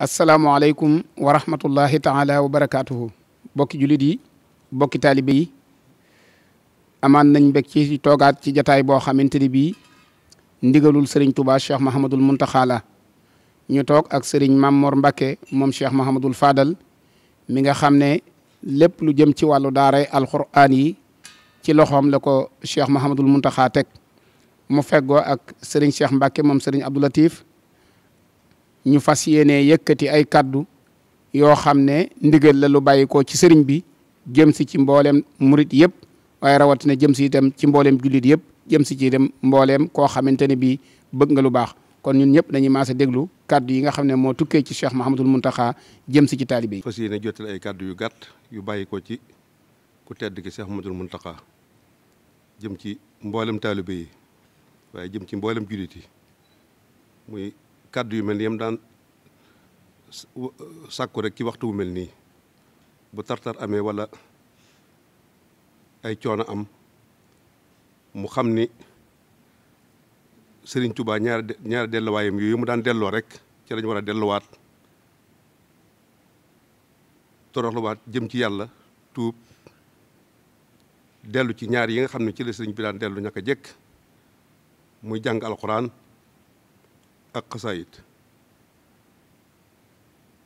asalaamualeykum wa rahmatullahi taala wa barakaatuhu bokki jullit yi bokki taalibe yi amaan nañ mbég ci toogaat ci jataay boo xamante ni bii ndigalul sëriñ Touba Cheikh Mahamadul Muntaxa la ñu toog ak sëriñ Mamor Mbacke moom Cheikh Mahamadul Fadal mi nga xam ne lépp lu jëm ci wàllu daaray alquran yi ci loxoom la ko Cheikh Mahamadul Muntaxa teg mu feggoo ak sëriñ Cheikh Mbacke moom sëriñ Abdoulatif ñu fas yéenee yëkkati ay kàddu yoo xam ne ndigal la lu bàyyi ko ci sëriñ bi jëm si ci mboolem murit yëpp waaye rawatina jëm si itam ci mboolem jullit yëpp jëm si ci dem mbooleem koo xamante ne bii bëgg nga lu baax kon ñun ñëpp dañuy maas déglu kàddu yi nga xam ne moo tukkee ci Cheikh Mahamadul Muntaxa jëm si ci taalibe yi. fas yéene jotal ay kaddu yu gàtt yu bàyyi ci ku tedd ki Cheikh jëm ci mboolem taalibe yi waaye jëm ci mboolem jullit yi kàddu yu mel ni yam daan sàkku rek ci waxtu wu mel nii bu tartar amee wala ay coono am mu xam ni Sëriñ Tuubaa ñaari ñaari delluwaayam yooyu mu daan delloo rek ci lañu war a delluwaat toroxluwaat jëm ci yàlla tuub dellu ci ñaar yi nga xam ne ci la sëriñ bi daan dellu ñaka jekk muy jàng alxuraan ak xasaayit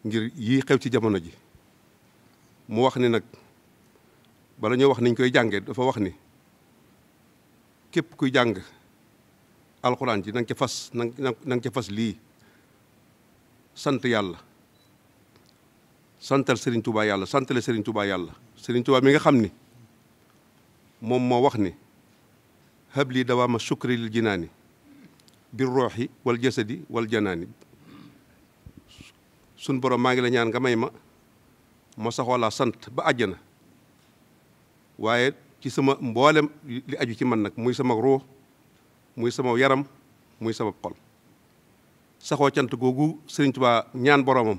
ngir yii xew ci jamono ji mu wax ni nag bala ñoo wax niñ koy jànge dafa wax ni képp kuy jàng alxuraan ji na nga ca fas na nga ca fas lii sant yàlla santal Serigne Touba yàlla santale Serigne Touba yàlla Serigne Touba mi nga xam ni moom moo wax ni lii dawa dawaama sukri lil jinaani bir rooxi wal jasadi wal janaani sun borom maa ngi la ñaan nga may ma ma saxoo laa sant ba àjjana waaye ci sama mboolem li aju ci man nag muy sama ruux muy sama yaram muy sama xol saxoo cant googu Sëriñ Tuubaa ñaan boromam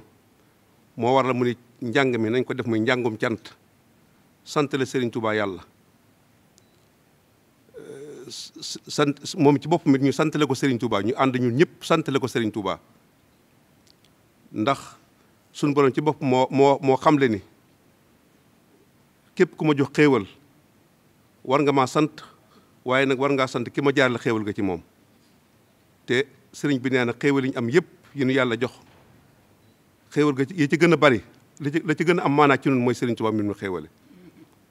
moo war la mu ni njàng mi nañ ko def muy njàngum cant sant la Sëriñ Tuubaa yàlla sant moom ci boppam mit ñu santale ko Serigne Touba ñu ànd ñun ñëpp santale ko Serigne Touba ndax suñu borom ci bopp moo moo moo xamle ni képp ku ma jox xéewal war nga maa sant waaye nag war ngaa sant ki ma jaarale xéewal ga ci moom te sëriñ bi nee na xéewal yi ñu am yëpp yu nu yàlla jox xéewal ga ci yi ci gën a bari la ci la ci gën a am maanaa ci ñun mooy Serigne Touba mi nu xéewale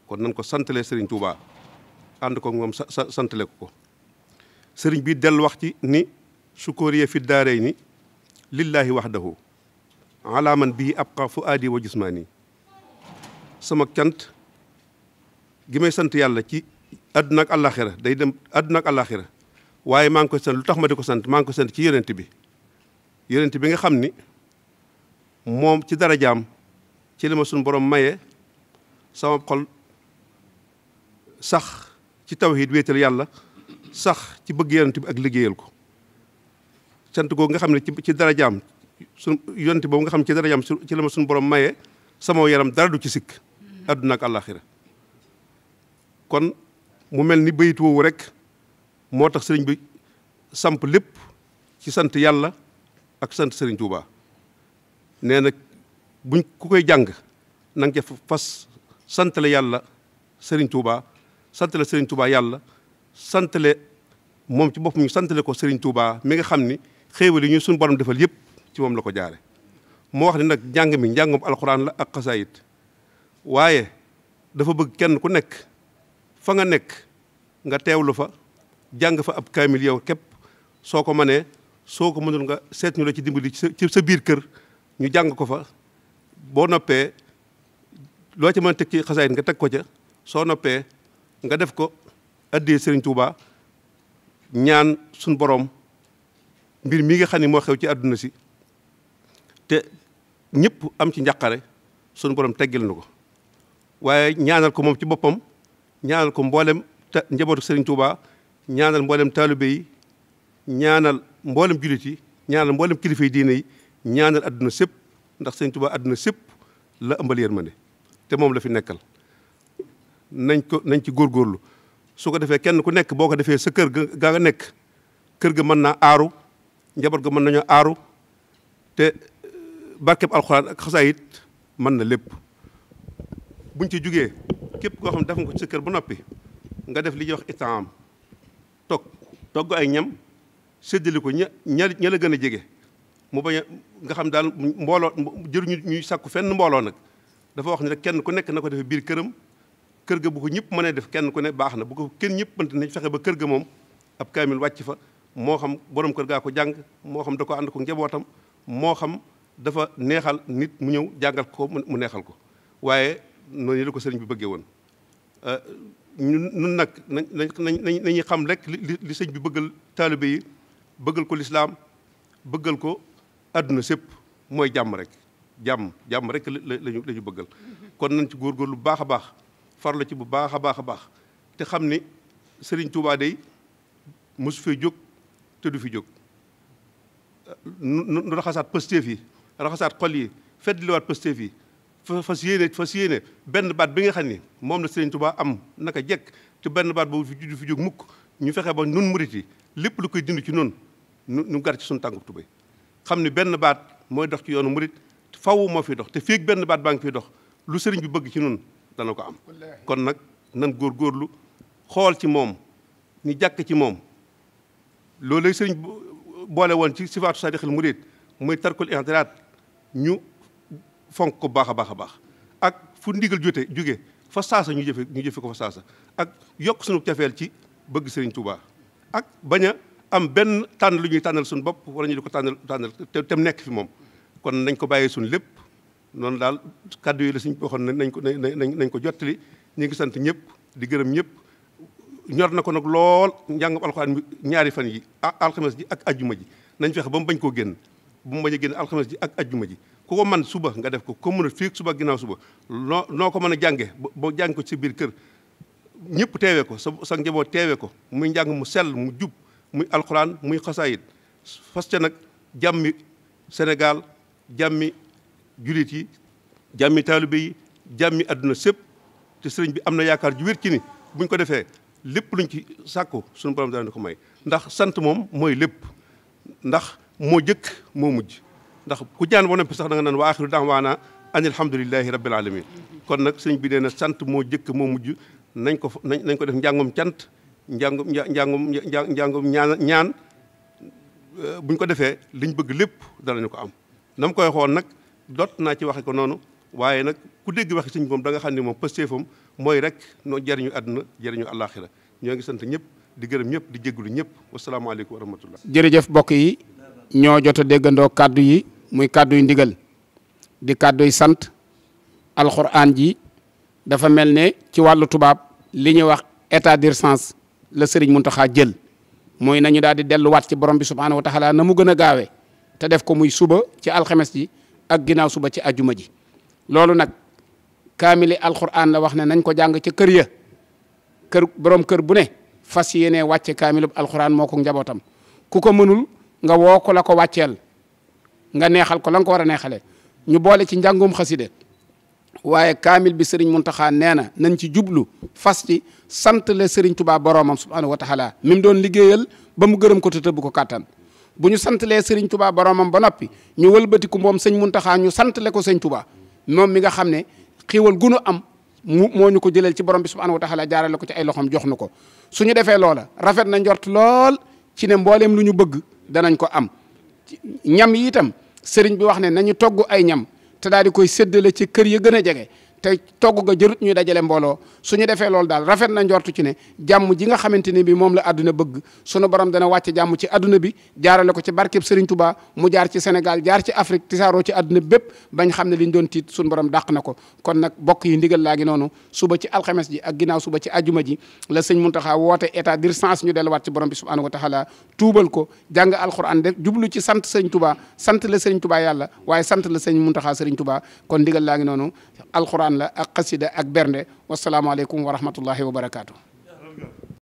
kon nan ko santalee sëriñ Touba. ànd ko sant sa ko ko sëriñ bi dellu wax ci ni sukkooriya fi daarey ni lillaahi wahdahu alaaman bii abqa fuaadi wa jismaani sama cant gi may sant yàlla ci àdduna ak àllaaxira day dem àdduna ak àllaaxira waaye maa ngi koy sant lu tax ma di ko sant maa ngi koy sant ci yonent bi yonent bi nga xam ni moom ci darajaam ci li ma suñu borom maye sama xol sax ci taw tawhid wéetal yàlla sax ci bëgg yonent bi ak liggéeyal ko sant googu nga xam ne ci darajaam suñu yonent boobu nga xam ne ci darajaam ci la suñu borom maye sama yaram dara du ci sikk àdduna ak àllaaxira kon mu mel ni bayit rek moo tax sëriñ bi samp lépp ci sant yàlla ak sant sëriñ Tuuba nee na buñ ku koy jàng nang nga ca fas sant la yàlla sëriñ Tuuba santale Serigne Touba yàlla santle moom ci boppam ñu santale ko Serigne Touba mi nga xam ni xéewal yi ñu suñu borom defal yëpp ci moom la ko jaare moo wax ni nag njàng mi njàngum alxuraan la ak xasaayit waaye dafa bëgg kenn ku nekk fa nga nekk nga teewlu fa jàng fa ab kaamil yow képp soo ko mënee soo ko mënul nga seet ñu la ci dimbali ci sa biir kër ñu jàng ko fa boo noppee loo ci mën a teg ci xasaayit nga teg ko ca soo noppee nga def ko addee Serigne Touba ñaan suñ boroom mbir mi nga xam ne moo xew ci àdduna si te ñëpp am ci njàqare suñu borom teggil nu ko waaye ñaanal ko moom ci boppam ñaanal ko mboolem ta njabootu Serigne Touba ñaanal mboolem taalibe yi ñaanal mboolem jullit yi ñaanal mboolem kilifa yi diine ñaanal àdduna sépp ndax Serigne Touba àdduna sépp la ëmbal yërmande te moom la fi nekkal. nañ ko nañ ci góorgóorlu su ko defee kenn ku nekk boo ko defee sa kër ga nga nekk kër ga mën naa aaru njaboot ga mën nañoo aaru te barkeb alxuraan ak xasaayit mën na lépp buñ ci jógee képp koo xam ne def nga ko ci sa kër ba noppi nga def li ñuy wax itaam togg togg ay ñam séddale ko ña la gën a jege mu bañ a nga xam daal mbooloo jëruñu ñuy sàkku fenn mbooloo nag dafa wax ni rek kenn ku nekk na ko defee biir këram kër ga bu ko ñëpp mënee def kenn ku ne baax na bu ko kenn ñëpp mënte nañ fexe ba kër ga moom ab kaamil wàcc fa moo xam boroom kër gaa ko jàng moo xam da ko ànd ko njabootam moo xam dafa neexal nit mu ñëw jàngal ko mu neexal ko waaye noonu la ko sëriñ bi bëggee woon euh, ñun nun nag nañ nañ nañuy xam rek li li sëñ bi bëggal taalibe yi bëggal ko lislaam bëggal ko àdduna sépp mooy jàmm rek jàmm jàmm rek la lañu la bëggal mm-hmm. kon nañ ci góor góor lu baax a baax farlu ci bu baax a baax a baax te xam ni sëriñ Touba day mosu fee jóg te du fi jóg nu raxasaat pësteef yi raxasaat xol yi feddliwaat pësteef yi fas yéene fas yéene benn baat bi nga xam ni moom na sëriñ Touba am naka jekk te benn baat boobu du fi jóg mukk ñu fexe ba nun murit yi lépp lu koy dind ci noonu nu gar ci suñu tàngub tubéy xam ni benn baat mooy dox ci yoonu murit faw moo fi dox te féeg benn baat baa ngi fiy dox lu sëriñ bi bëgg ci noonu dana ko am kon nag nan góor góorlu xool ci moom ñu jàkk ci moom loolu lay sëriñ boole woon ci sifaatu saadixil murid muy tarkul intiraat ñu fonk ko baax a baax a baax ak fu ndigal jote jóge fa saasa ñu jëfe ñu jëfe ko fa saasa ak yokk suñu cafeel ci bëgg sëriñ Touba ak baña am benn tànn lu ñuy tànnal suñu bopp wala ñu di ko tànnal tànnal te tem nekk fi moom kon nañ ko bàyyee suñu lépp noonu daal kàddu yi la suñ waxoon nañ ko nañ nañ ko jottali ñu ngi sant ñëpp di gërëm ñëpp ñor na ko nag lool njàngam alxuraan bi ñaari fan yi alxames ji ak ajjuma ji nañ fexe ba mu bañ koo génn bu mu a génn alxames ji ak ajjuma ji ku man suba nga def ko ko a fii suba ginnaaw suba noo noo ko mën a jànge boo jàng ci biir kër ñëpp teewee ko sa sa njaboot teewee ko muy njàng mu sell mu jub muy alxuraan muy xasaayit fas ca nag jàmmi Sénégal jàmmi jullit yi jàmmi taalibe yi jàmmi àdduna sépp te sëriñ bi am na yaakaar ju wér ci ni buñ ko defee lépp luñ ci sàkku suñu borom daan ko may ndax sant moom mooy lépp ndax moo jëkk moo mujj ndax ku jaan ba noppi sax da nga naan wa axiru daawaana an alhamdulilahi rabbil alamin kon nag sëriñ bi nee na sant moo jëkk moo mujj nañ ko nañ ko def njàngum cant njàngum njàngum njàngum ñaan ñaan buñ ko defee liñ bëgg lépp danañ ko am nam koy xool nag dott naa ci waxe ko noonu waaye nag ku dégg waxe suñ moom da nga xam ne moom pëstéefam mooy rek noo jariñu àdduna jariñu àllaaxira ñoo ngi sant ñëpp di gërëm ñëpp di jégalu ñëpp wasalaamaaleykum wa rahmatullah jërëjëf mbokk yi ñoo jot a déggandoo kàddu yi muy kàddu yu ndigal di kàddu yu sant alxuraan ji dafa mel ne ci wàllu tubaab li ñuy wax état d'urgence la sëriñ Muntaxa jël mooy nañu daal di delluwaat ci borom bi subhaanahu wa taala na mu gën a gaawee te def ko muy suba ci alxemes ji ak ginnaaw suba ci ajuma ji loolu nag kaamili alquran la wax ne nañ ko jàng ca kër ya kër boroom kër bu ne fas yéene wàcce kaamilub alxuraan moo ko njabootam ku ko mënul nga woo ko la ko wàcceel nga neexal ko la nga ko war a neexalee ñu boole ci njàngum xaside waaye kaamil bi Serigne Mountakha nee na nañ ci jublu fas ci sant la Serigne Touba boromam subhanahu wa taala mi mu doon liggéeyal ba mu gërëm ko te tëbb ko kàttan bu ñu santalee sëriñ tubaa boromam ba noppi ñu wëlbatiku moom sëñ muntaxaa ñu santale ko sëñ tubaa moom mi nga xam ne xiiwal gunu am mu moo ñu ko jëleel ci borom bi subhaanahu wa taala jaarale ko ci ay loxoom jox nu ko ñu defee loola rafet na njort lool ci ne mbooleem lu ñu bëgg danañ ko am ñam yi itam sëriñ bi wax ne nañu togg ay ñam te daal di koy séddale ci kër ya gën a jege te togg ga jërut ñuy dajale mbooloo suñu defee loolu daal rafet na njortu ci ne jàmm ji nga xamante ni bi moom la àdduna bëgg sunu borom dana wàcce jàmm ci àdduna bi jaarale ko ci barkeb Serigne Touba mu jaar ci Sénégal jaar ci Afrique tisaaroo ci àdduna bépp bañ xam ne liñ doon tiit sunu borom dàq na ko kon nag bokk yi ndigal laa ngi noonu suba ci alxemes ji a ginnaaw suba ci ajuma ji la sëñ Muntaxa woote état d'urgence ñu delluwaat ci borom bi subhanahu wa taala tuubal ko jàng alxuraan def jublu ci sant sëñ Touba sant la sëñ Touba yàlla waaye sant la sëñ Muntaxa sëriñ Touba kon ndigal laa noonu la ak xasida ak bernde wasalaamaaleykum wa rahmatullahi wa barakaatu.